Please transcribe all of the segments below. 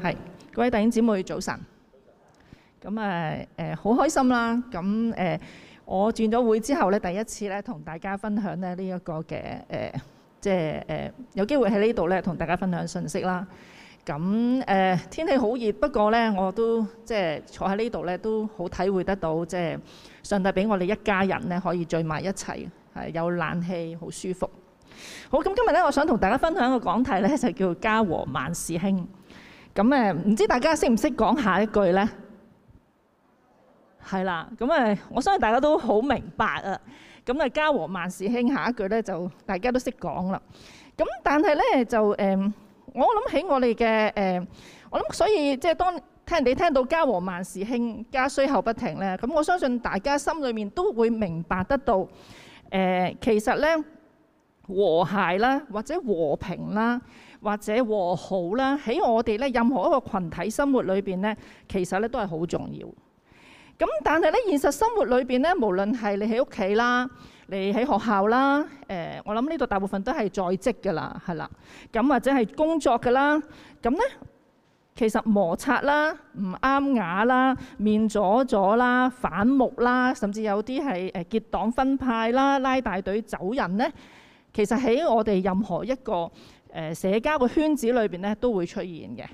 係，各位弟兄姊妹早晨。咁啊，誒、呃、好開心啦！咁誒、呃，我轉咗會之後咧，第一次咧同大家分享咧呢一個嘅誒、呃，即係誒、呃、有機會喺呢度咧同大家分享信息啦。咁誒、呃、天氣好熱，不過咧我都即係坐喺呢度咧都好體會得到，即係上帝俾我哋一家人咧可以聚埋一齊，係有冷氣，好舒服。好咁，今日咧我想同大家分享一個講題咧，就叫做家和萬事興。咁誒，唔知大家識唔識講下一句咧？係啦，咁誒，我相信大家都好明白啊。咁誒，家和萬事興，下一句咧就大家都識講啦。咁但係咧就誒，我諗起我哋嘅誒，我諗所以即係當聽人哋聽到家和萬事興，家衰後不停咧，咁我相信大家心裏面都會明白得到誒，其實咧和諧啦，或者和平啦。或者和好啦，喺我哋咧任何一個群體生活裏邊咧，其實咧都係好重要。咁但係咧，現實生活裏邊咧，無論係你喺屋企啦，你喺學校啦，誒、呃，我諗呢度大部分都係在職㗎啦，係啦。咁或者係工作㗎啦。咁咧，其實摩擦啦、唔啱牙啦、面阻阻啦、反目啦，甚至有啲係誒結黨分派啦、拉大隊走人咧，其實喺我哋任何一個。誒、呃、社交個圈子裏邊咧都會出現嘅，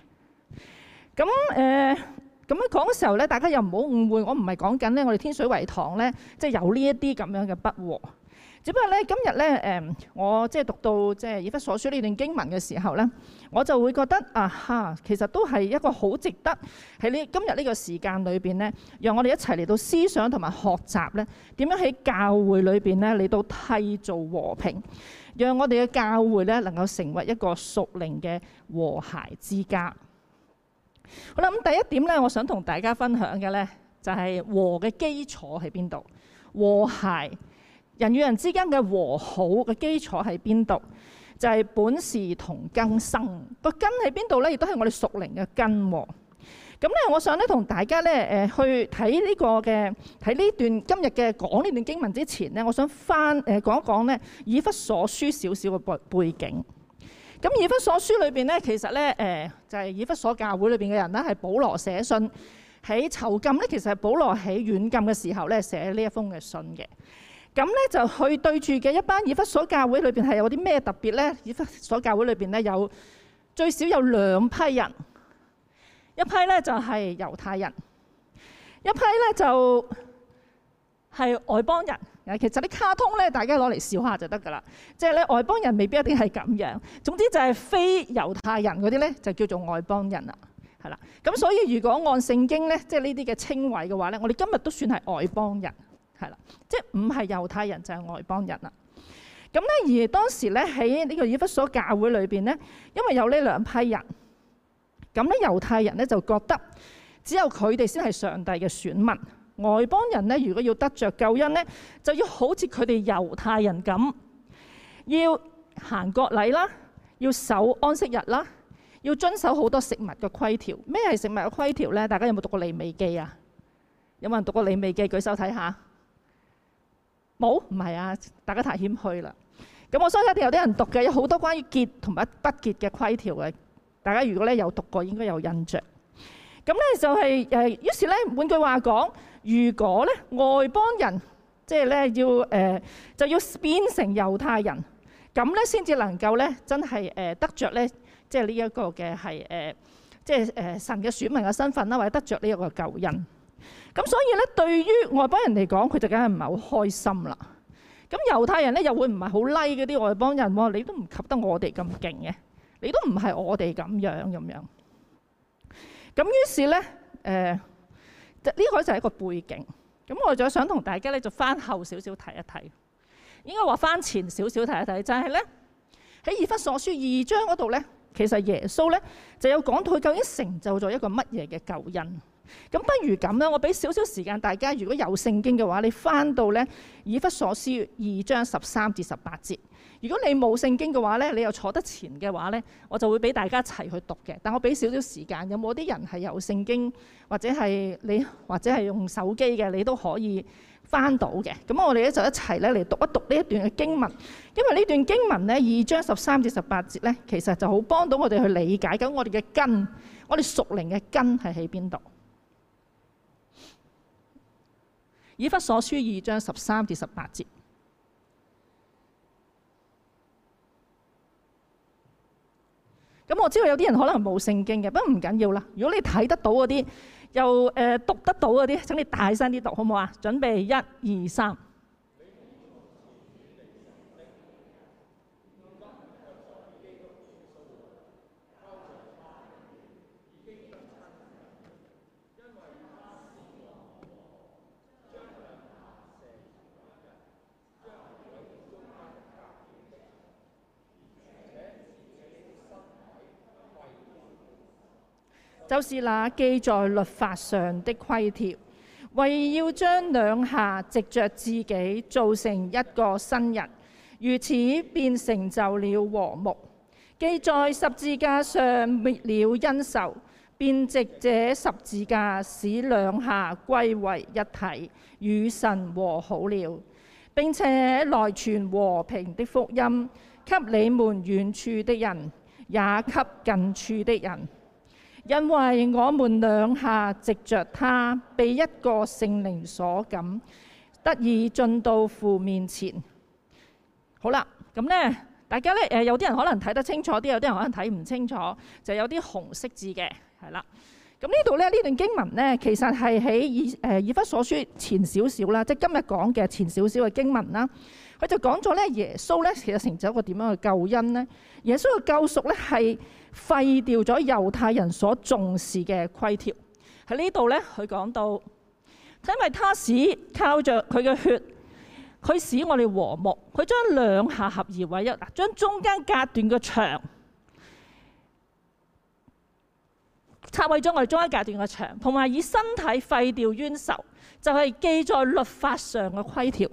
咁誒咁樣講嘅、呃、時候咧，大家又唔好誤會，我唔係講緊咧，我哋天水圍堂咧，即係有呢一啲咁樣嘅不和。只不過咧，今日咧誒，我即係讀到即係以弗所書呢段經文嘅時候咧，我就會覺得啊哈，其實都係一個好值得喺呢今日呢個時間裏邊咧，讓我哋一齊嚟到思想同埋學習咧，點樣喺教會裏邊咧，嚟到締造和平。讓我哋嘅教會咧，能夠成為一個屬靈嘅和諧之家。好啦，咁第一點咧，我想同大家分享嘅咧，就係、是、和嘅基礎喺邊度？和諧人與人之間嘅和好嘅基礎喺邊度？就係本是同根生，個根喺邊度咧？亦都係我哋屬靈嘅根。咁咧，我想咧同大家咧，誒、呃、去睇呢個嘅睇呢段今日嘅講呢段經文之前咧，我想翻誒、呃、講一講咧以弗所書少少嘅背背景。咁以弗所書裏邊咧，其實咧誒、呃、就係、是、以弗所教會裏邊嘅人咧，係保羅寫信喺囚禁咧，其實係保羅喺軟禁嘅時候咧寫呢這一封嘅信嘅。咁咧就去對住嘅一班以弗所教會裏邊，係有啲咩特別咧？以弗所教會裏邊咧有最少有兩批人。一批咧就係猶太人，一批咧就係外邦人。其實啲卡通咧，大家攞嚟笑下就得噶啦。即係咧外邦人未必一定係咁樣。總之就係非猶太人嗰啲咧，就叫做外邦人啦。係啦，咁所以如果按聖經咧，即係呢啲嘅稱謂嘅話咧，我哋今日都算係外邦人。係啦，即係唔係猶太人就係外邦人啦。咁咧而當時咧喺呢個以弗所教會裏邊咧，因為有呢兩批人。咁咧，猶太人咧就覺得只有佢哋先係上帝嘅選民，外邦人咧如果要得着救恩咧，就要好似佢哋猶太人咁，要行國禮啦，要守安息日啦，要遵守好多食物嘅規條。咩係食物嘅規條咧？大家有冇讀過利未記啊？有冇人讀過利未記？舉手睇下。冇？唔係啊，大家太謙虛啦。咁我相信一定有啲人讀嘅，有好多關於潔同埋不潔嘅規條嘅。大家如果咧有讀過，應該有印象。咁咧就係誒，於是咧，換句話講，如果咧外邦人即係咧要誒，就要變成猶太人，咁咧先至能夠咧真係誒得著咧，即係呢一個嘅係誒，即係誒神嘅選民嘅身份啦，或者得著呢一個救恩。咁所以咧，對於外邦人嚟講，佢就梗係唔係好開心啦。咁猶太人咧又會唔係好 like 嗰啲外邦人喎？你都唔及得我哋咁勁嘅。你都唔係我哋咁樣咁樣，咁於是咧，誒，呢個就係一個背景。咁我就想同大家咧，就翻後少少睇一睇，應該話翻前少少睇一睇。就係咧，喺《以弗所書》二章嗰度咧，其實耶穌咧就有講到佢究竟成就咗一個乜嘢嘅救恩。咁不如咁啦，我俾少少時間大家，如果有聖經嘅話，你翻到咧《以弗所書》二章十三至十八節。如果你冇聖經嘅話咧，你又坐得前嘅話咧，我就會俾大家一齊去讀嘅。但我俾少少時間，有冇啲人係有聖經或者係你或者係用手機嘅，你都可以翻到嘅。咁我哋咧就一齊咧嚟讀一讀呢一段嘅經文，因為呢段經文咧二章十三至十八節咧，其實就好幫到我哋去理解緊我哋嘅根，我哋屬靈嘅根係喺邊度？以弗所書二章十三至十八節。咁我知道有啲人可能冇聖經嘅，不過唔緊要啦。如果你睇得到嗰啲，又、呃、讀得到嗰啲，請你大聲啲讀，好唔好啊？準備，一、二、三。就是那記在律法上的規條，為要將兩下藉着自己造成一個新人，如此便成就了和睦。既在十字架上滅了冤仇，便藉這十字架使兩下歸為一體，與神和好了。並且來傳和平的福音，給你們遠處的人，也給近處的人。因為我們兩下藉著他，被一個聖靈所感，得以進到父面前。好啦，咁呢，大家呢誒，有啲人可能睇得清楚啲，有啲人可能睇唔清楚，就有啲紅色字嘅，係啦。咁呢度呢，呢段經文呢，其實係喺以誒以弗所書前少少啦，即係今日講嘅前少少嘅經文啦。佢就講咗呢，耶穌呢其實成就一個點樣嘅救恩呢？耶穌嘅救贖呢係，廢掉咗猶太人所重視嘅規條，喺呢度咧，佢講到，因為他使靠着佢嘅血，佢使我哋和睦，佢將兩下合而為一，嗱，將中間隔斷嘅牆拆毀咗，我哋中間隔斷嘅牆，同埋以身體廢掉冤仇，就係、是、記在律法上嘅規條，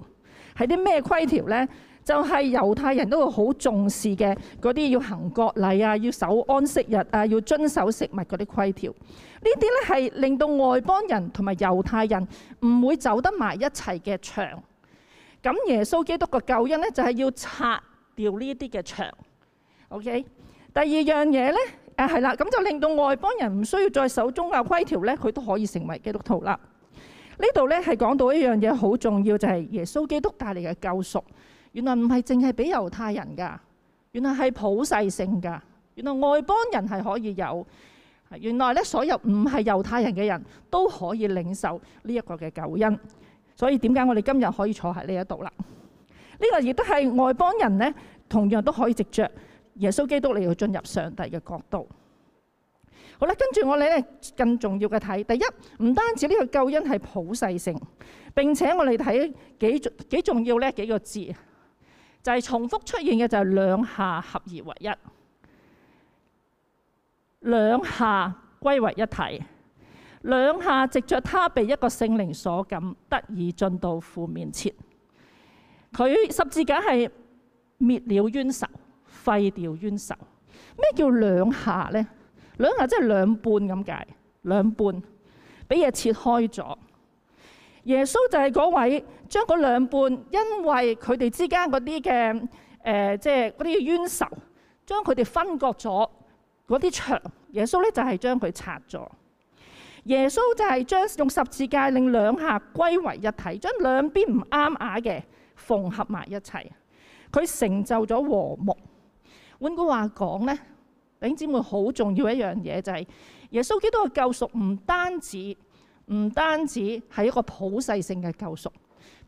係啲咩規條咧？就係猶太人都會好重視嘅嗰啲要行割禮啊，要守安息日啊，要遵守食物嗰啲規條。呢啲咧係令到外邦人同埋猶太人唔會走得埋一齊嘅牆。咁耶穌基督嘅救恩咧，就係要拆掉呢啲嘅牆。OK，第二樣嘢咧，誒，係啦，咁就令到外邦人唔需要再守宗教規條咧，佢都可以成為基督徒啦。呢度咧係講到一樣嘢好重要，就係耶穌基督帶嚟嘅救贖。原來唔係淨係俾猶太人噶，原來係普世性噶。原來外邦人係可以有。原來咧，所有唔係猶太人嘅人都可以領受呢一個嘅救恩。所以點解我哋今日可以坐喺呢一度啦？呢個亦都係外邦人咧，同樣都可以藉着耶穌基督嚟去進入上帝嘅國度。好啦，跟住我哋咧，更重要嘅睇第一，唔單止呢個救恩係普世性，並且我哋睇幾幾重要咧幾個字。就係、是、重複出現嘅就係兩下合而為一，兩下歸為一體，兩下藉着他被一個聖靈所感，得以進到父面前。佢十字架係滅了冤仇，廢掉冤仇。咩叫兩下咧？兩下即係兩半咁解，兩半俾嘢切開咗。耶穌就係嗰位將嗰兩半，因為佢哋之間嗰啲嘅誒，即係啲冤仇，將佢哋分割咗嗰啲牆。耶穌咧就係將佢拆咗。耶穌就係將用十字架令兩下歸為一體，將兩邊唔啱雅嘅縫合埋一齊。佢成就咗和睦。換句話講咧，弟兄姊妹好重要一樣嘢就係、是、耶穌基督嘅救贖唔單止。唔單止係一個普世性嘅救贖，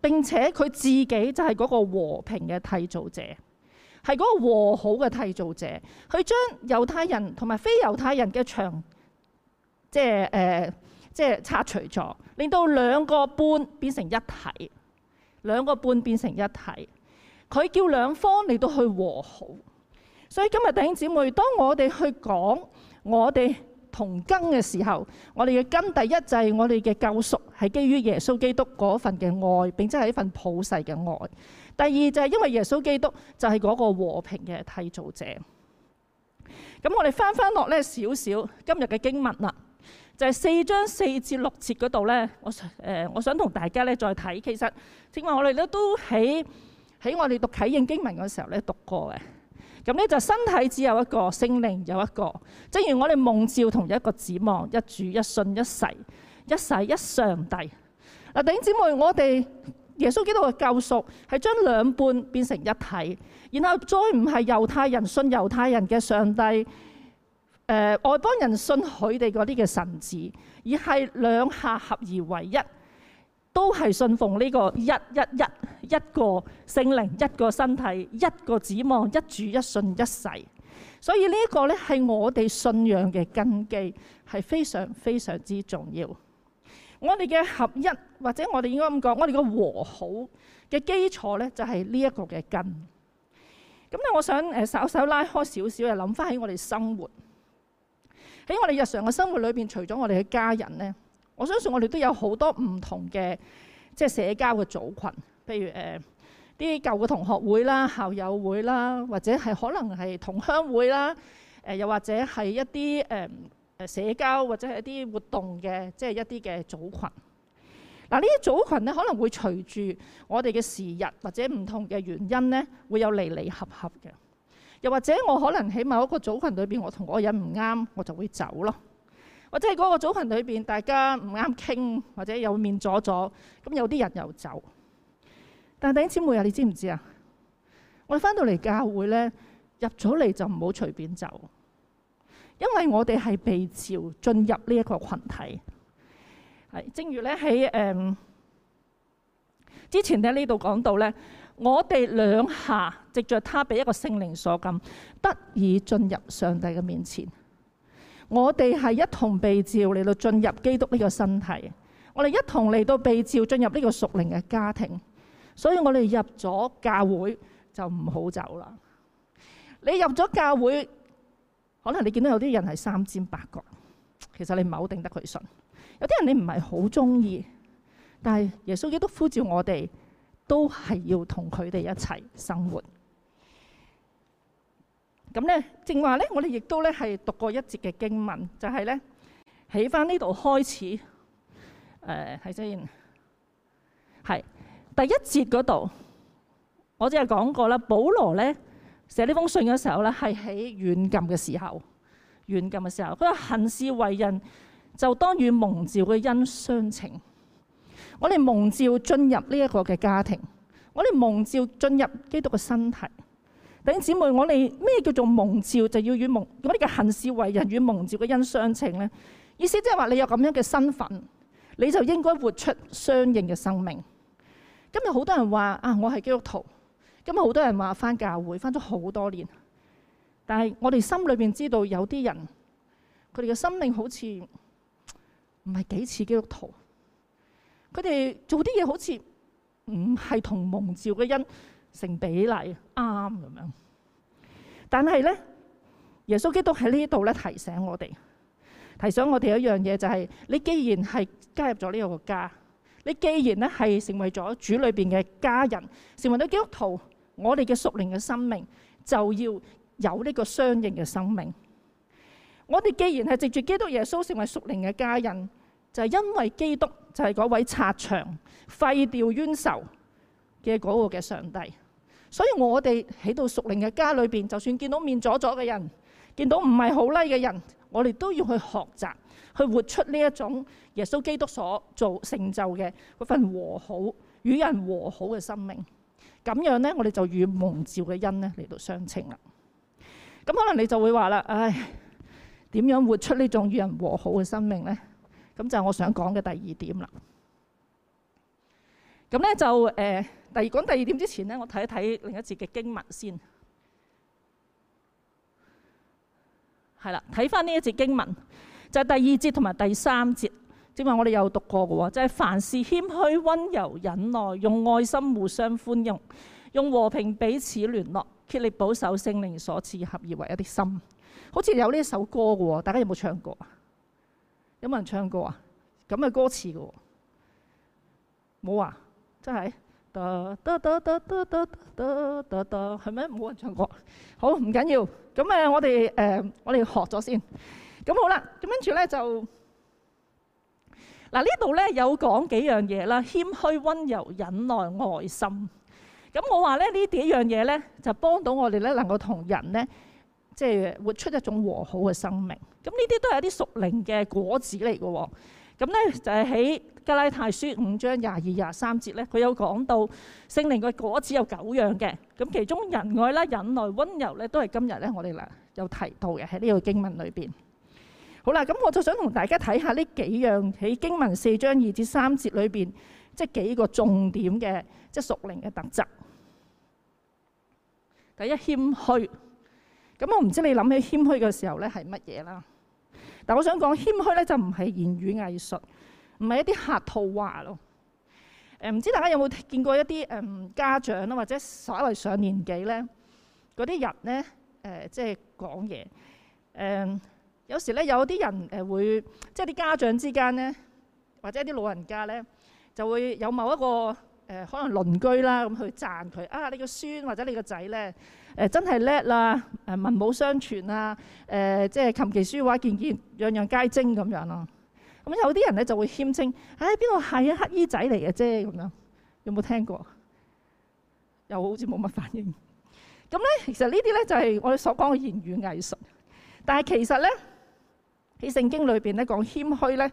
並且佢自己就係嗰個和平嘅締造者，係嗰個和好嘅締造者，佢將猶太人同埋非猶太人嘅牆，即係誒、呃，即係拆除咗，令到兩個半變成一體，兩個半變成一體，佢叫兩方嚟到去和好。所以今日弟兄姊妹，當我哋去講我哋。同根嘅時候，我哋嘅根第一就係我哋嘅救贖，係基於耶穌基督嗰份嘅愛，並且係一份普世嘅愛。第二就係因為耶穌基督就係嗰個和平嘅締造者。咁我哋翻翻落呢少少今日嘅經文啦，就係、是、四章四至六節嗰度呢。我誒、呃、我想同大家咧再睇，其實正話我哋咧都喺喺我哋讀啟應經文嘅時候咧讀過嘅。咁咧就身體只有一個，聖靈有一個。正如我哋蒙召同一個指望，一主一信一洗，一洗一上帝。嗱，弟兄姊妹，我哋耶穌基督嘅救贖係將兩半變成一體，然後再唔係猶太人信猶太人嘅上帝，誒外邦人信佢哋嗰啲嘅神子，而係兩下合而為一。都係信奉呢、這個一一一一個聖靈一個身體，一個指望，一主一信一洗，所以呢個咧係我哋信仰嘅根基，係非常非常之重要。我哋嘅合一或者我哋應該咁講，我哋嘅和好嘅基礎咧就係呢一個嘅根。咁咧，我想誒稍稍拉開少少，又諗翻喺我哋生活，喺我哋日常嘅生活裏邊，除咗我哋嘅家人咧。我相信我哋都有好多唔同嘅即係社交嘅組群，譬如誒啲、呃、舊嘅同學會啦、校友會啦，或者係可能係同鄉會啦，誒、呃、又或者係一啲誒誒社交或者係一啲活動嘅即係一啲嘅組群。嗱，呢啲組群咧可能會隨住我哋嘅時日或者唔同嘅原因咧，會有離離合合嘅。又或者我可能喺某一個組群裏邊，我同嗰人唔啱，我就會走咯。或者係嗰個組群裏邊，大家唔啱傾，或者有面阻阻，咁有啲人又走。但係弟兄姊妹啊，你知唔知啊？我哋翻到嚟教會咧，入咗嚟就唔好隨便走，因為我哋係被召進入呢一個群體。係，正如咧喺誒之前咧呢度講到咧，我哋兩下藉着「他被一個聖靈所禁，得以進入上帝嘅面前」。我哋係一同被召嚟到進入基督呢個身體，我哋一同嚟到被召進入呢個屬靈嘅家庭，所以我哋入咗教會就唔好走啦。你入咗教會，可能你見到有啲人係三尖八角，其實你唔係好頂得佢順。有啲人你唔係好中意，但係耶穌基督呼召我哋，都係要同佢哋一齊生活。咁咧，正話咧，我哋亦都咧係讀過一節嘅經文，就係、是、咧起翻呢度開始。誒、呃，睇先，係第一節嗰度，我只係講過啦。保羅咧寫呢封信嘅時候咧，係喺軟禁嘅時候，軟禁嘅時候，佢行事為人就當與蒙召嘅恩相稱。我哋蒙召進入呢一個嘅家庭，我哋蒙召進入基督嘅身體。弟姊妹，我哋咩叫做蒙召，就要與蒙我哋嘅行事為人，與蒙召嘅恩相稱咧。意思即係話，你有咁樣嘅身份，你就應該活出相應嘅生命。今日好多人話啊，我係基督徒。今日好多人話翻教會，翻咗好多年。但係我哋心裏邊知道有些人，有啲人佢哋嘅生命好似唔係幾似基督徒。佢哋做啲嘢好似唔係同蒙召嘅恩。成比例啱咁樣。但係咧，耶穌基督喺呢度咧提醒我哋，提醒我哋一樣嘢就係，你既然係加入咗呢個家，你既然咧係成為咗主裏邊嘅家人，成為咗基督徒，我哋嘅屬靈嘅生命就要有呢個相應嘅生命。我哋既然係藉住基督耶穌成為屬靈嘅家人，就係因為基督就係嗰位拆牆、廢掉冤仇嘅嗰個嘅上帝。所以我哋喺到屬靈嘅家裏邊，就算見到面阻阻嘅人，見到唔係好叻嘅人，我哋都要去學習，去活出呢一種耶穌基督所做成就嘅嗰份和好、與人和好嘅生命。咁樣呢，我哋就與蒙召嘅恩咧嚟到相稱啦。咁可能你就會話啦，唉，點樣活出呢種與人和好嘅生命呢？咁就係我想講嘅第二點啦。咁咧就誒，第、欸、二講第二點之前咧，我睇一睇另一節嘅經文先。係啦，睇翻呢一節經文，就係、是、第二節同埋第三節，正話我哋有讀過嘅喎，就係、是、凡事謙虛、温柔、忍耐，用愛心互相寬容，用和平彼此聯絡，竭力保守聖靈所賜合而為一啲心。好似有呢一首歌嘅喎，大家有冇唱過啊？有冇人唱過沒有啊？咁嘅歌詞嘅喎，冇啊？真係，係咪冇人唱過？好，唔緊要。咁誒，我哋誒，我哋學咗先。咁好啦，咁跟住咧就嗱呢度咧有講幾樣嘢啦，謙虛、温柔、忍耐、愛心。咁我話咧呢幾樣嘢咧，就幫到我哋咧能夠同人咧，即係活出一種和好嘅生命。咁呢啲都係一啲屬靈嘅果子嚟㗎喎。咁咧就係喺《加拉太書》五章廿二廿三節咧，佢有講到聖靈嘅果子有九樣嘅，咁其中仁愛啦、忍耐、温柔咧，都係今日咧我哋啦有提到嘅喺呢個經文裏邊。好啦，咁我就想同大家睇下呢幾樣喺經文四章二至三節裏邊，即係幾個重點嘅即係屬靈嘅特質。第一謙虛，咁我唔知你諗起謙虛嘅時候咧係乜嘢啦？但我想講謙虛咧，就唔係言語藝術，唔係一啲客套話咯。誒、嗯，唔知大家有冇見過一啲誒、嗯、家長啊，或者稍為上年紀咧嗰啲人咧誒，即係講嘢誒。有時咧，有啲人誒會，即係啲家長之間咧，或者啲老人家咧，就會有某一個。誒、呃、可能鄰居啦，咁去讚佢啊！你個孫或者你個仔咧誒，真係叻啦！誒文武雙全啊！誒、呃、即係琴棋書畫，件件樣樣皆精咁樣咯。咁、嗯、有啲人咧就會謙稱：唉、哎，邊個係啊？黑衣仔嚟嘅啫咁樣。有冇聽過？又好似冇乜反應。咁咧，其實這些呢啲咧就係、是、我哋所講嘅言語藝術。但係其實咧，喺聖經裏邊咧講謙虛咧，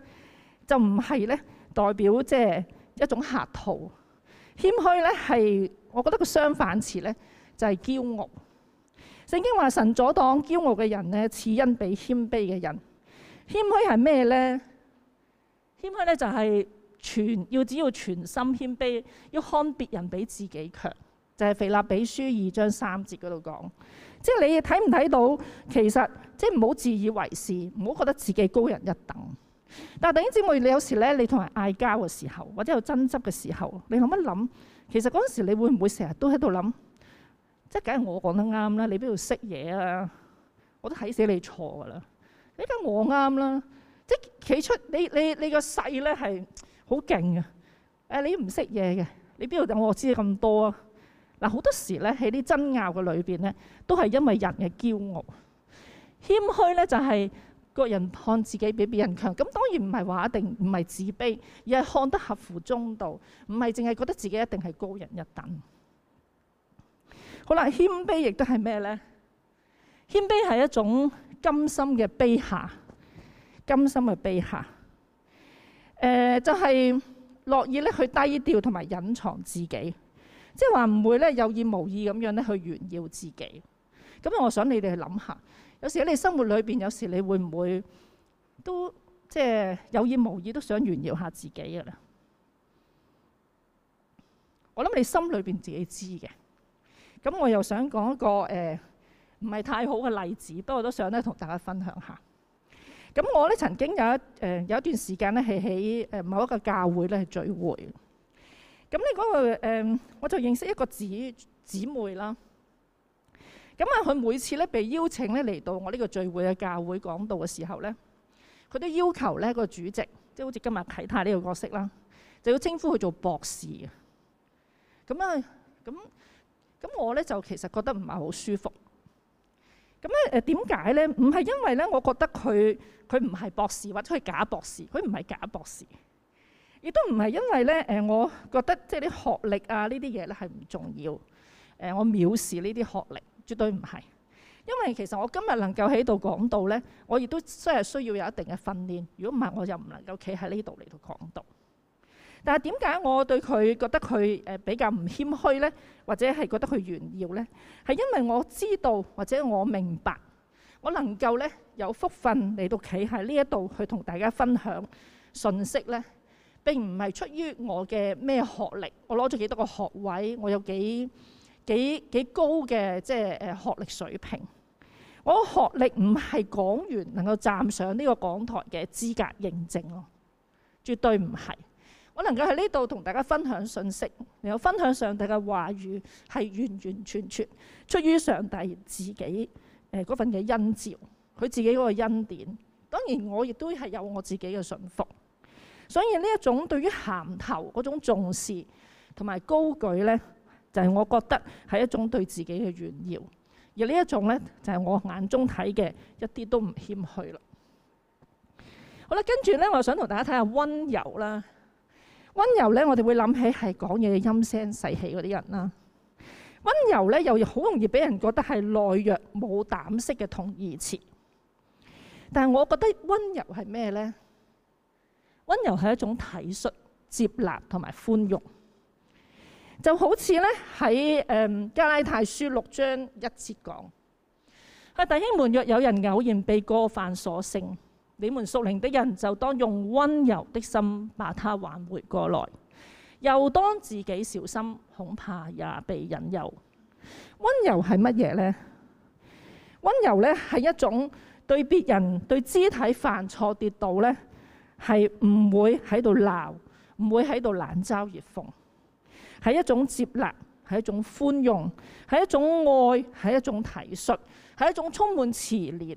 就唔係咧代表即係一種客套。謙虛咧係，我覺得個相反詞咧就係、是、驕傲。聖經話神阻擋驕傲嘅人咧，賜恩俾謙卑嘅人。謙虛係咩咧？謙虛咧就係、是、全要只要全心謙卑，要看別人比自己強。就係、是、腓立比書二章三節嗰度講，即係你睇唔睇到？其實即係唔好自以為是，唔好覺得自己高人一等。但係弟兄姊妹，你有時咧，你同人嗌交嘅時候，或者有爭執嘅時候，你諗一諗，其實嗰陣時你會唔會成日都喺度諗，即係梗係我講得啱啦，你邊度識嘢呀？我都睇死你錯噶啦，依家我啱啦，即係企出你你你個勢咧係好勁嘅，誒你唔識嘢嘅，你邊度等我知咁多啊？嗱好多時咧喺啲爭拗嘅裏邊咧，都係因為人嘅驕傲，謙虛咧就係。各人看自己比別人強，咁當然唔係話一定唔係自卑，而係看得合乎中道，唔係淨係覺得自己一定係高人一等。好啦，謙卑亦都係咩咧？謙卑係一種甘心嘅卑下，甘心嘅卑下。誒、呃，就係、是、樂意咧去低調同埋隱藏自己，即係話唔會咧有意無意咁樣咧去炫耀自己。咁啊，我想你哋去諗下。有時喺你生活裏邊，有時你會唔會都即係、就是、有意無意都想炫耀下自己嘅咧？我諗你心裏邊自己知嘅。咁我又想講一個誒唔係太好嘅例子，不過都想咧同大家分享下。咁我咧曾經有一誒、呃、有一段時間咧係喺誒某一個教會咧係聚會。咁你嗰、那個、呃、我就認識一個姊姊妹啦。咁啊！佢每次咧被邀請咧嚟到我呢個聚會嘅教會講道嘅時候咧，佢都要求咧個主席，即係好似今日啟泰呢個角色啦，就要稱呼佢做博士啊。咁啊，咁咁我咧就其實覺得唔係好舒服。咁咧誒點解咧？唔係因為咧，我覺得佢佢唔係博士或者佢係假博士，佢唔係假博士，亦都唔係因為咧誒，我覺得即係啲學歷啊呢啲嘢咧係唔重要。誒，我藐視呢啲學歷。絕對唔係，因為其實我今日能夠喺度講到呢，我亦都真係需要有一定嘅訓練。如果唔係，我就唔能夠企喺呢度嚟到講到。但係點解我對佢覺得佢誒比較唔謙虛呢？或者係覺得佢炫耀呢？係因為我知道或者我明白，我能夠呢，有福分嚟到企喺呢一度去同大家分享信息呢。並唔係出於我嘅咩學歷，我攞咗幾多個學位，我有幾幾幾高嘅即係學歷水平，我的學歷唔係講員能夠站上呢個講台嘅資格認證咯，絕對唔係。我能夠喺呢度同大家分享信息，然後分享上帝嘅話語係完完全全出於上帝自己誒嗰份嘅恩召，佢自己嗰個恩典。當然我亦都係有我自己嘅信服，所以呢一種對於銜頭嗰種重視同埋高舉呢。就係、是、我覺得係一種對自己嘅炫耀，而呢一種咧就係、是、我眼中睇嘅一啲都唔謙虛啦。好啦，跟住咧，我想同大家睇下温柔啦。温柔咧，我哋會諗起係講嘢嘅陰聲細氣嗰啲人啦。温柔咧，又好容易俾人覺得係懦弱、冇膽識嘅同義詞。但係我覺得温柔係咩咧？温柔係一種體恤、接納同埋寬容。就好似咧，喺加拉太書六章一節講：啊弟兄們，若有人偶然被過犯所勝，你們屬靈的人就當用温柔的心把他挽回過來，又當自己小心，恐怕也被引誘。温柔係乜嘢呢？温柔咧係一種對別人、對肢體犯錯跌倒咧，係唔會喺度鬧，唔會喺度冷嘲熱諷。係一種接納，係一種寬容，係一種愛，係一種體恤，係一種充滿慈憐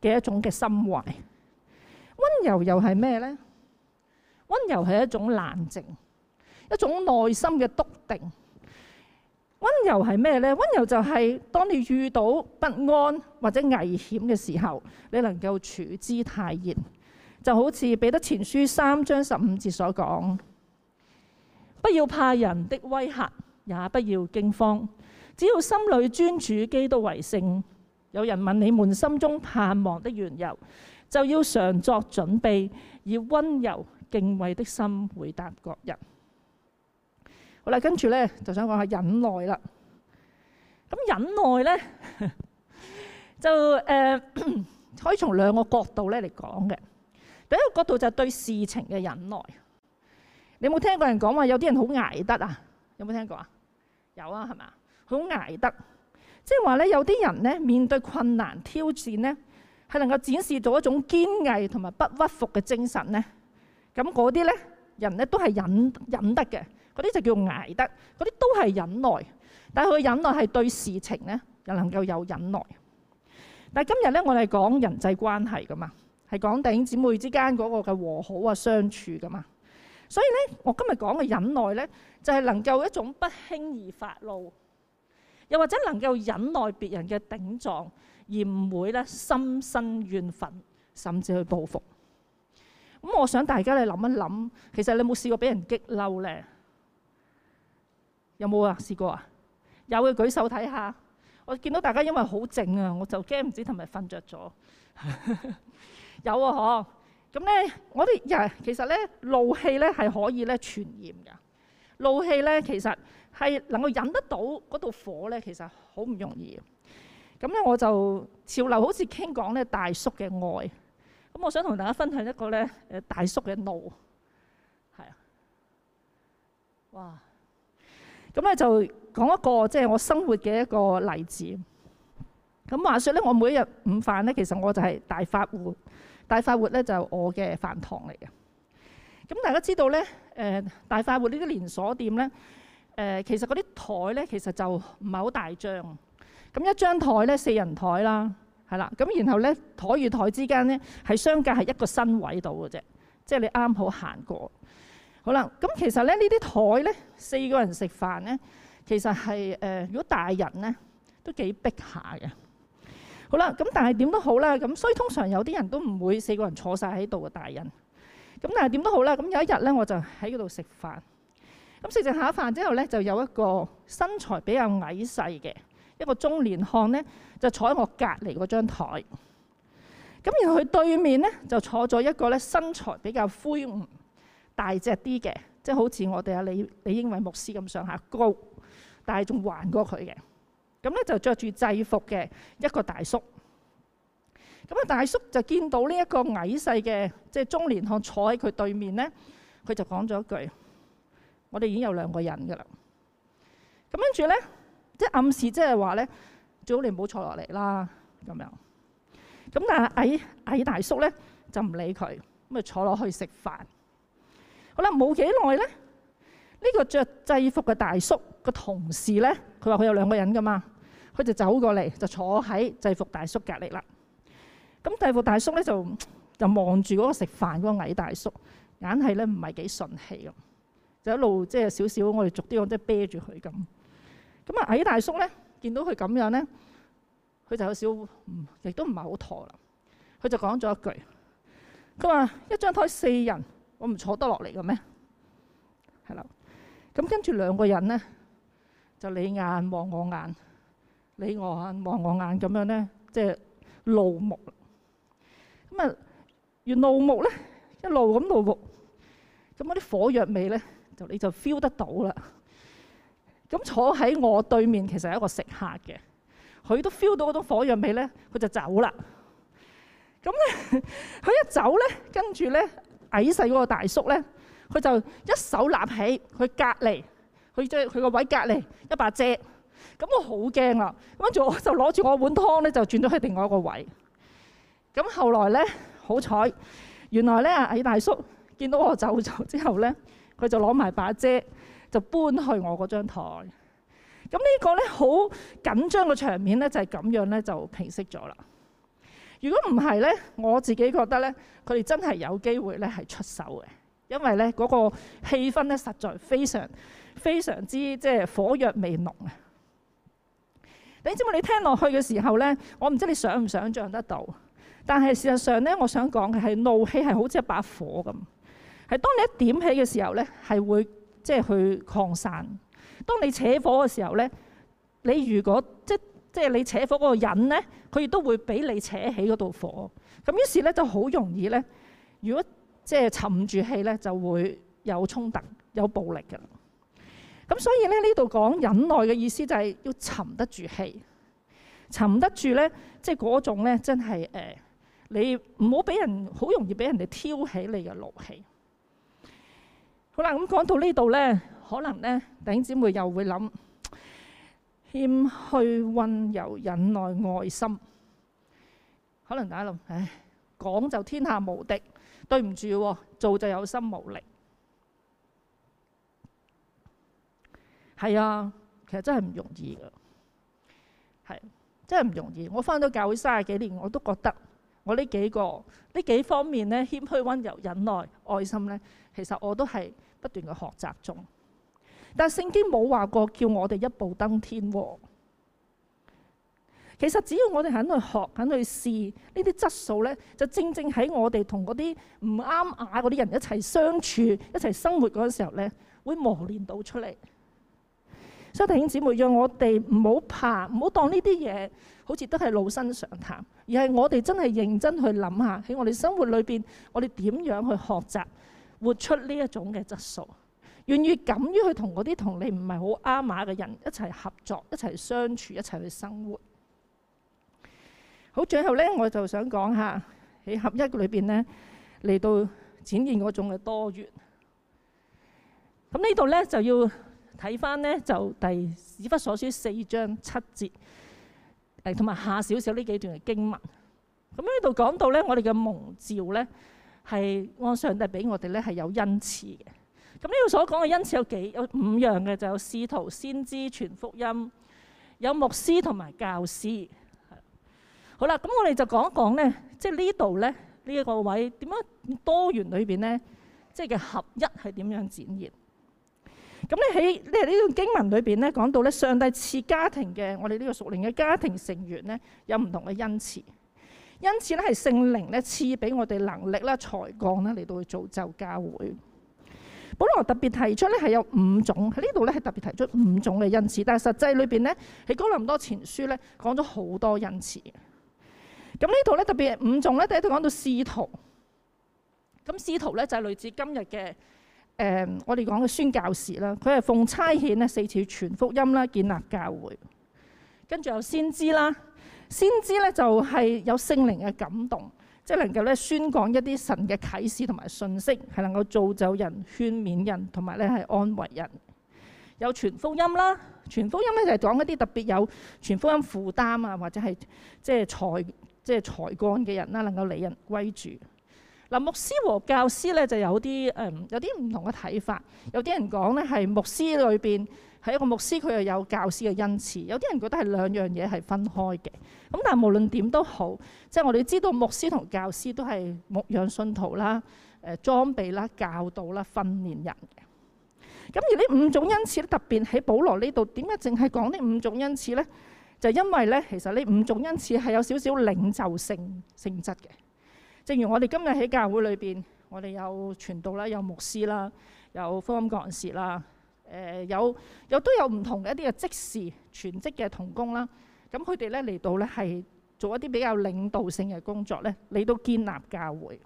嘅一種嘅心懷。温柔又係咩呢？温柔係一種冷靜，一種內心嘅篤定。温柔係咩呢？温柔就係當你遇到不安或者危險嘅時候，你能夠處之泰然。就好似彼得前書三章十五節所講。不要怕人的威嚇，也不要驚慌，只要心裏專注基督為聖。有人問你們心中盼望的緣由，就要常作準備，以温柔敬畏的心回答各人。好啦，跟住咧就想講下忍耐啦。咁忍耐咧 就、呃、可以從兩個角度咧嚟講嘅。第一個角度就係對事情嘅忍耐。你有冇聽過人講話有啲人好捱得啊？有冇聽過啊？有啊，係咪？好捱得，即係話咧，有啲人咧面對困難挑戰咧，係能夠展示到一種堅毅同埋不屈服嘅精神咧。咁嗰啲咧人咧都係忍忍得嘅，嗰啲就叫捱得，嗰啲都係忍耐。但係佢嘅忍耐係對事情咧又能夠有忍耐。但係今日咧，我哋講人際關係噶嘛，係講頂姊妹之間嗰個嘅和好啊、相處噶嘛。所以咧，我今日講嘅忍耐咧，就係能夠一種不輕易發怒，又或者能夠忍耐別人嘅頂撞，而唔會咧心生怨憤，甚至去報復。咁我想大家你諗一諗，其實你有冇試過俾人激嬲咧？有冇啊？試過啊？有嘅舉手睇下。我見到大家因為好靜啊，我就驚唔知係咪瞓着咗。 有啊，嗬。咁咧，我哋人其實咧，怒氣咧係可以咧傳染㗎。怒氣咧，其實係能夠忍得到嗰度火咧，其實好唔容易。咁咧，我就潮流好似傾講咧大叔嘅愛，咁我想同大家分享一個咧誒大叔嘅怒，係啊，哇！咁咧就講一個即係、就是、我生活嘅一個例子。咁話説咧，我每一日午飯咧，其實我就係大發活。大快活咧就係、我嘅飯堂嚟嘅，咁、嗯、大家知道咧，誒、呃、大快活呢啲連鎖店咧，誒、呃、其實嗰啲台咧其實就唔係好大張，咁、嗯、一張台咧四人台啦，係啦，咁、嗯、然後咧台與台之間咧係相隔係一個身位度嘅啫，即係你啱好行過，好啦，咁、嗯、其實咧呢啲台咧四個人食飯咧，其實係誒、呃、如果大人咧都幾逼下嘅。好啦，咁但係點都好啦，咁所以通常有啲人都唔會四個人坐晒喺度嘅大人。咁但係點都好啦，咁有一日咧，我就喺嗰度食飯。咁食完下飯之後咧，就有一個身材比較矮細嘅一個中年漢咧，就坐喺我隔離嗰張台。咁然後佢對面咧就坐咗一個咧身材比較魁梧大隻啲嘅，即係好似我哋阿李李英偉牧師咁上下高，但係仲橫過佢嘅。咁咧就着住制服嘅一個大叔，咁、啊大叔就見到呢一個矮細嘅即係中年漢坐喺佢對面咧，佢就講咗一句：我哋已經有兩個人噶啦。咁跟住咧，即係暗示即係話咧，最好你唔好坐落嚟啦咁樣。咁但係矮矮大叔咧就唔理佢，咁、啊坐落去食飯。好啦，冇幾耐咧。呢、這個着制服嘅大叔個同事咧，佢話佢有兩個人㗎嘛，佢就走過嚟，就坐喺制服大叔隔籬啦。咁制服大叔咧就就望住嗰個食飯嗰個矮大叔，硬係咧唔係幾順氣咁，就一路即係少少，我哋逐啲咁即係啤住佢咁。咁、就、啊、是、矮大叔咧見到佢咁樣咧，佢就有少少、嗯、都唔係好妥啦。佢就講咗一句：佢話一張枱四人，我唔坐得落嚟嘅咩？係啦。咁跟住兩個人咧，就你眼望我眼，你我眼望我眼咁樣咧，即係怒目。咁啊，越怒目咧，一怒咁怒目，咁嗰啲火藥味咧，就你就 feel 得到啦。咁坐喺我對面其實係一個食客嘅，佢都 feel 到嗰種火藥味咧，佢就走啦。咁咧，佢一走咧，跟住咧，矮細嗰個大叔咧。佢就一手攬起佢隔離，佢即佢個位隔離一把遮。咁我好驚啊，跟住我就攞住我碗湯咧，就轉咗去另外一個位。咁後來咧，好彩原來咧，阿大叔見到我走咗之後咧，佢就攞埋把遮就搬去我嗰張台。咁呢個咧，好緊張嘅場面咧，就係、是、咁樣咧就平息咗啦。如果唔係咧，我自己覺得咧，佢哋真係有機會咧係出手嘅。因為咧嗰個氣氛咧，實在非常非常之即係火藥味濃啊！你知唔知？你聽落去嘅時候咧，我唔知你想唔想像得到？但係事實上咧，我想講嘅係怒氣係好似一把火咁，係當你一點起嘅時候咧，係會即係去擴散；當你扯火嘅時候咧，你如果即即係你扯火嗰個人咧，佢亦都會俾你扯起嗰度火。咁於是咧就好容易咧，如果即係沉住氣咧，就會有衝突、有暴力嘅。咁所以咧，呢度講忍耐嘅意思就係要沉得住氣，沉得住咧，即係嗰種咧，真係誒、呃，你唔好俾人好容易俾人哋挑起你嘅怒氣。好啦，咁講到呢度咧，可能咧頂姊妹又會諗，謙虛、温柔、忍耐、愛心，可能大家諗，唉，講就天下無敵。對唔住喎，做就有心無力。係啊，其實真係唔容易噶，係真係唔容易。我返到教會三十幾年，我都覺得我呢幾個呢幾方面咧，謙虛、温柔、忍耐、愛心咧，其實我都係不斷嘅學習中。但聖經冇話過叫我哋一步登天喎、哦。其實，只要我哋肯去學，肯去試，呢啲質素咧，就正正喺我哋同嗰啲唔啱牙嗰啲人一齊相處、一齊生活嗰陣時候咧，會磨練到出嚟。所以弟兄姊妹，讓我哋唔好怕，唔好當呢啲嘢好似都係老生常談，而係我哋真係認真去諗下喺我哋生活裏邊，我哋點樣去學習活出呢一種嘅質素，願意敢於去同嗰啲同你唔係好啱牙嘅人一齊合作、一齊相處、一齊去生活。好，最後咧我就想講下喺合一裏邊咧嚟到展現嗰種嘅多元。咁呢度咧就要睇翻咧就第《史不所書》四章七節，誒同埋下少少呢幾段嘅經文。咁呢度講到咧，我哋嘅蒙召咧係按上帝俾我哋咧係有恩賜嘅。咁呢度所講嘅恩賜有幾有五樣嘅，就有使徒、先知、全福音、有牧師同埋教師。好啦，咁我哋就講一講咧，即係呢度咧呢一個位點樣多元裏邊咧，即係嘅合一係點樣展現？咁咧喺咧呢個經文裏邊咧講到咧，上帝賜家庭嘅我哋呢個熟齡嘅家庭成員咧有唔同嘅恩賜，恩賜咧係聖靈咧賜俾我哋能力啦、才幹啦嚟到去造就教會。本來我特別提出咧係有五種喺呢度咧係特別提出五種嘅恩賜，但係實際裏邊咧喺哥林多前書咧講咗好多恩賜。咁呢度咧特別係五種咧，第一度講到使徒。咁使徒咧就係類似今日嘅誒，我哋講嘅宣教士啦。佢係奉差遣咧四次傳福音啦，建立教會。跟住有先知啦，先知咧就係有聖靈嘅感動，即係能夠咧宣講一啲神嘅啟示同埋信息，係能夠造就人、勸勉人同埋咧係安慰人。有傳福音啦，傳福音咧就係講一啲特別有傳福音負擔啊，或者係即係財。即係才幹嘅人啦，能夠理人歸主。嗱、啊，牧師和教師咧就有啲誒、嗯，有啲唔同嘅睇法。有啲人講咧係牧師裏邊係一個牧師，佢又有教師嘅恩賜。有啲人覺得係兩樣嘢係分開嘅。咁但係無論點都好，即係我哋知道牧師同教師都係牧養信徒啦、誒、呃、裝備啦、教導啦、訓練人嘅。咁而呢五種恩賜咧，特別喺保羅呢度，點解淨係講呢五種恩賜咧？就因為咧，其實呢五種恩賜係有少少領袖性性質嘅。正如我哋今日喺教會裏邊，我哋有傳道啦，有牧師啦，有福音講師啦，誒、呃、有，又都有唔同嘅一啲嘅即時全職嘅同工啦。咁佢哋咧嚟到咧係做一啲比較領導性嘅工作咧，嚟到建立教會，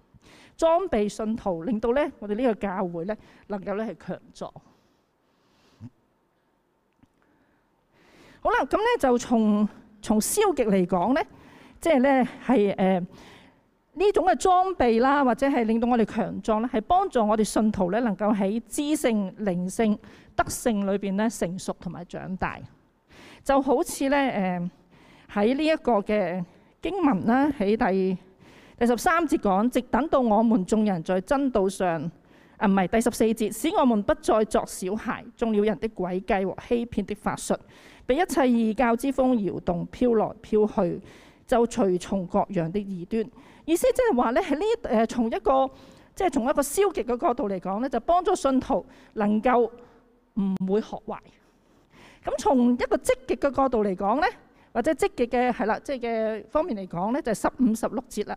裝備信徒，令到咧我哋呢個教會咧能夠咧係強壯。好啦，咁咧就從從消極嚟講咧，即係咧係誒呢、呃、種嘅裝備啦，或者係令到我哋強壯咧，係幫助我哋信徒咧能夠喺知性、靈性、德性裏邊咧成熟同埋長大，就好似咧誒喺呢一、呃、個嘅經文啦，喺第第十三節講，直等到我們眾人在真道上。唔係第十四節，使我們不再作小孩，中了人的詭計和欺騙的法術，被一切異教之風搖動、飄來飄去，就隨從各樣的異端。意思即係話咧，喺呢誒從一個即係從一個消極嘅角度嚟講咧，就幫助信徒能夠唔會學壞。咁從一個積極嘅角度嚟講咧，或者積極嘅係啦，即係嘅方面嚟講咧，就係、是、十五十六節啦，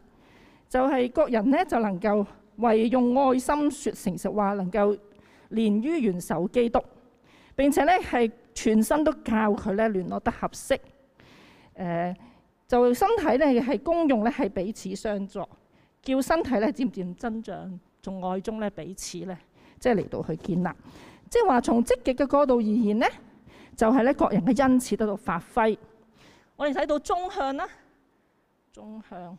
就係、是、各人咧就能夠。唯用愛心説誠實話，能夠連於元首基督，並且咧係全身都教佢咧聯絡得合適。誒、呃，就身體咧係公用咧，係彼此相助，叫身體咧漸漸增長，從愛中咧彼此咧即係嚟到去建立。即係話從積極嘅角度而言咧，就係、是、咧各人嘅恩賜得到發揮。我哋睇到中向啦，中向。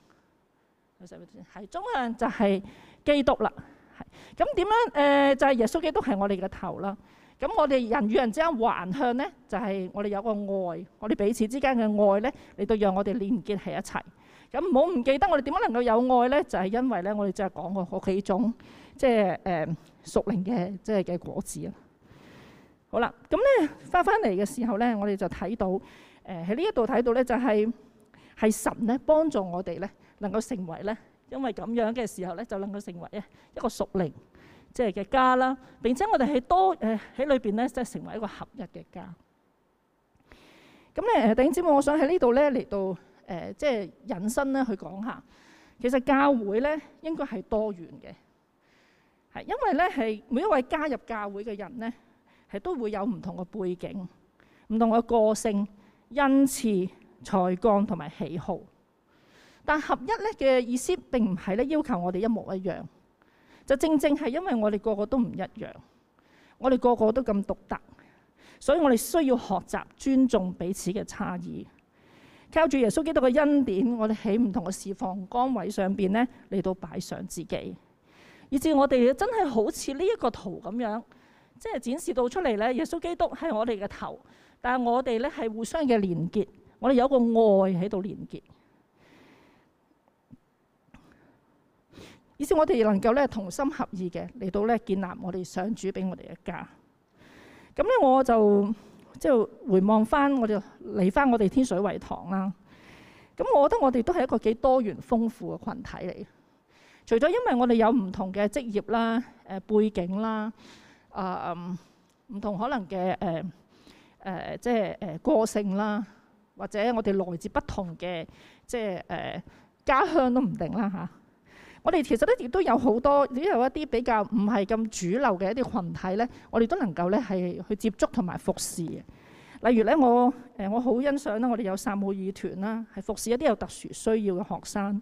係縱向就係基督啦。咁點樣？誒就係耶穌基督係我哋嘅頭啦。咁我哋人與人之間橫向咧，就係我哋有個愛，我哋彼此之間嘅愛咧，嚟到讓我哋連結喺一齊。咁唔好唔記得，我哋點樣能夠有愛咧？就係因為咧，我哋即係講過好幾種，即係誒熟練嘅，即係嘅果子啦。好啦，咁咧返返嚟嘅時候咧，我哋就睇到誒喺呢一度睇到咧，就係係神咧幫助我哋咧。能夠成為咧，因為咁樣嘅時候咧，就能夠成為一個屬靈即係嘅家啦。並且我哋係多誒喺裏邊咧，即係成為一個合一嘅家。咁咧誒，頂先，我想喺呢度咧嚟到誒，即係引申咧去講下。其實教會咧應該係多元嘅，係因為咧係每一位加入教會嘅人咧係都會有唔同嘅背景、唔同嘅個性、恩賜、才幹同埋喜好。但合一咧嘅意思並唔係咧要求我哋一模一樣，就正正係因為我哋個個都唔一樣，我哋個個都咁獨特，所以我哋需要學習尊重彼此嘅差異，靠住耶穌基督嘅恩典，我哋喺唔同嘅事奉崗位上邊咧嚟到擺上自己，以至我哋真係好似呢一個圖咁樣，即係展示到出嚟咧，耶穌基督係我哋嘅頭，但係我哋咧係互相嘅連結，我哋有個愛喺度連結。以至我哋能夠咧同心合意嘅嚟到咧建立我哋上主俾我哋嘅家。咁咧我就即係回望翻，我就嚟翻我哋天水圍堂啦。咁我覺得我哋都係一個幾多元豐富嘅羣體嚟。除咗因為我哋有唔同嘅職業啦、誒背景啦、啊唔同可能嘅誒誒即係誒個性啦，或者我哋來自不同嘅即係誒家鄉都唔定啦嚇。我哋其實咧，亦都有好多，亦有一啲比較唔係咁主流嘅一啲群體咧。我哋都能夠咧係去接觸同埋服侍嘅。例如咧，我誒我好欣賞咧，我哋有三母義團啦，係服侍一啲有特殊需要嘅學生。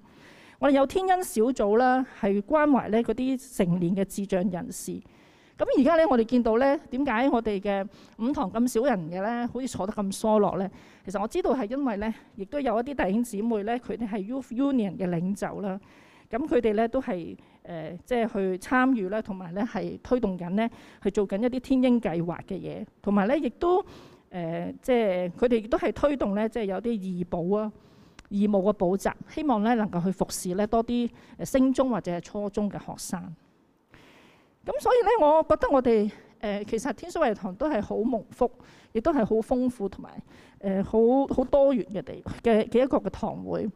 我哋有天恩小組啦，係關懷咧嗰啲成年嘅智障人士。咁而家咧，我哋見到咧點解我哋嘅五堂咁少人嘅咧，好似坐得咁疏落咧？其實我知道係因為咧，亦都有一啲弟兄姊妹咧，佢哋係 Youth Union 嘅領袖啦。咁佢哋咧都係誒、呃，即係去參與咧，同埋咧係推動緊咧，去做緊一啲天英計劃嘅嘢，同埋咧亦都誒、呃，即係佢哋亦都係推動咧，即係有啲義保啊、義務嘅補習，希望咧能夠去服侍咧多啲誒、呃、升中或者係初中嘅學生。咁所以咧，我覺得我哋誒、呃、其實天水圍堂都係好蒙福，亦都係好豐富同埋誒好好多元嘅地嘅嘅一個嘅堂會。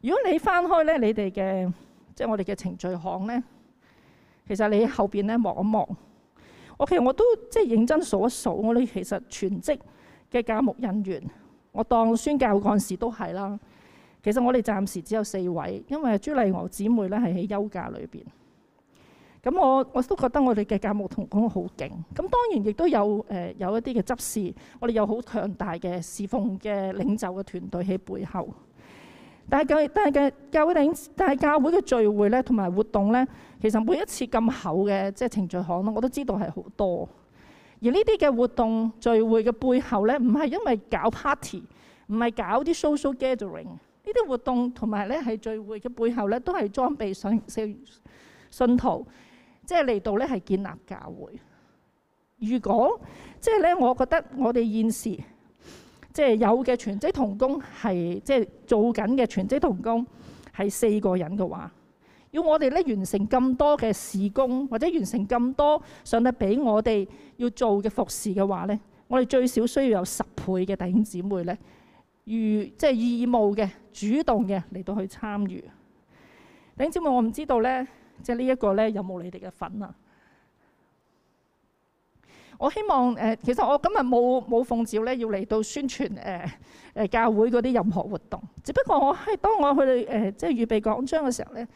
如果你翻開咧，你哋嘅即係我哋嘅程序行咧，其實你喺後邊咧望一望，OK，我都即係認真數一數，我哋其實全職嘅教務人員，我當宣教幹事都係啦。其實我哋暫時只有四位，因為朱麗娥姊妹咧係喺休假裏邊。咁我我都覺得我哋嘅教務同工好勁。咁當然亦都有誒、呃、有一啲嘅執事，我哋有好強大嘅侍奉嘅領袖嘅團隊喺背後。但係教，但係教，教會定，但係教會嘅聚會咧，同埋活動咧，其實每一次咁厚嘅即係程序項咯，我都知道係好多。而呢啲嘅活動聚會嘅背後咧，唔係因為搞 party，唔係搞啲 social gathering。呢啲活動同埋咧係聚會嘅背後咧，都係裝備信信徒，即係嚟到咧係建立教會。如果即係咧，我覺得我哋現時。即係有嘅全職同工係即係做緊嘅全職同工係四個人嘅話，要我哋咧完成咁多嘅事工或者完成咁多上帝俾我哋要做嘅服侍嘅話咧，我哋最少需要有十倍嘅弟兄姊妹咧，如即係義務嘅主動嘅嚟到去參與弟兄姊妹。我唔知道咧，即係呢一個咧有冇你哋嘅份啊？我希望誒、呃，其實我今日冇冇奉召咧，要嚟到宣傳誒誒、呃呃、教會嗰啲任何活動。只不過我係當我去誒、呃、即係預備講章嘅時候咧，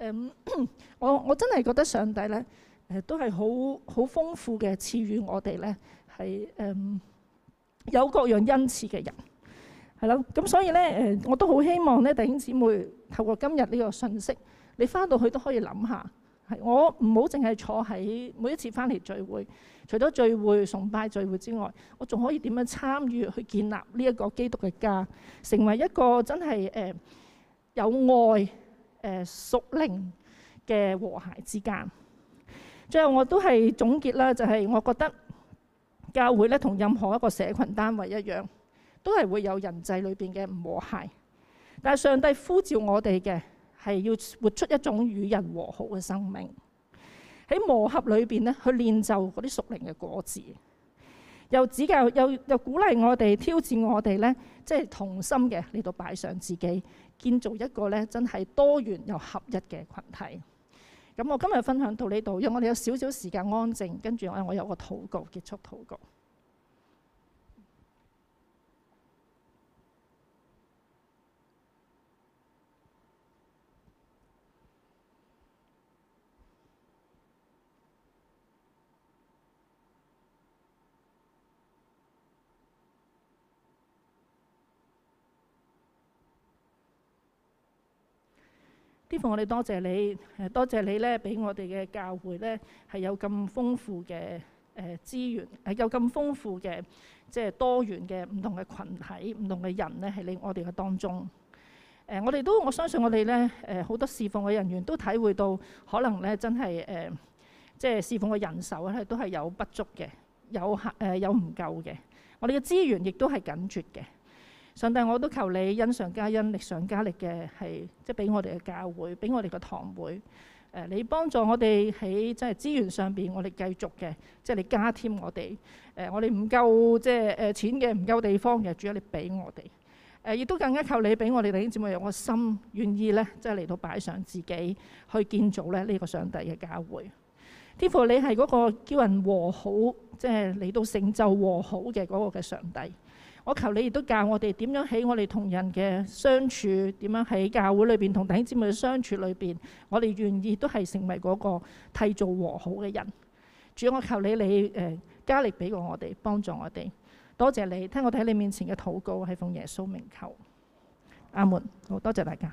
誒、呃、我我真係覺得上帝咧誒、呃、都係好好豐富嘅，賜予我哋咧係誒有各樣恩賜嘅人係咯。咁所以咧誒、呃，我都好希望咧弟兄姊妹透過今日呢個信息，你翻到去都可以諗下。我唔好淨係坐喺每一次翻嚟聚會，除咗聚會、崇拜聚會之外，我仲可以點樣參與去建立呢一個基督嘅家，成為一個真係誒、呃、有愛、誒、呃、屬靈嘅和諧之家。最後我都係總結啦，就係、是、我覺得教會咧同任何一個社群單位一樣，都係會有人際裏邊嘅唔和諧，但係上帝呼召我哋嘅。係要活出一種與人和好嘅生命，喺磨合裏面咧，去練就嗰啲屬靈嘅果子，又指教又、又鼓勵我哋，挑戰我哋咧，即係同心嘅嚟到呢度擺上自己，建造一個咧真係多元又合一嘅群體。咁我今日分享到呢度，讓我哋有少少時間安靜，跟住我我有個禱告，結束禱告。師父我哋多謝你，多謝你咧，俾我哋嘅教會咧，係有咁豐富嘅誒資源，係有咁豐富嘅即係多元嘅唔同嘅群體、唔同嘅人咧，喺我哋嘅當中。誒，我哋都我相信我哋咧，誒，好多侍奉嘅人員都體會到，可能咧真係誒，即、呃、係、就是、侍奉嘅人手咧都係有不足嘅，有誒有唔夠嘅。我哋嘅資源亦都係緊絀嘅。上帝，我都求你恩上加恩，力上加力嘅，係即係俾我哋嘅教會，俾我哋嘅堂會，誒、呃，你幫助我哋喺即係資源上邊，我哋繼續嘅，即係你加添我哋。誒、呃，我哋唔夠即係誒錢嘅，唔夠地方嘅，主要你俾我哋。誒、呃，亦都更加求你俾我哋啲姊妹有個心願意咧，即係嚟到擺上自己去建造咧呢個上帝嘅教會，天父你係嗰個叫人和好，即係嚟到成就和好嘅嗰個嘅上帝。我求你亦都教我哋點樣喺我哋同人嘅相處，點樣喺教會裏邊同弟兄姊妹嘅相處裏邊，我哋願意都係成為嗰個替造和好嘅人。主，我求你你誒、呃、加力俾過我哋，幫助我哋。多謝你，聽我哋喺你面前嘅禱告，係奉耶穌名求。阿門。好多謝大家。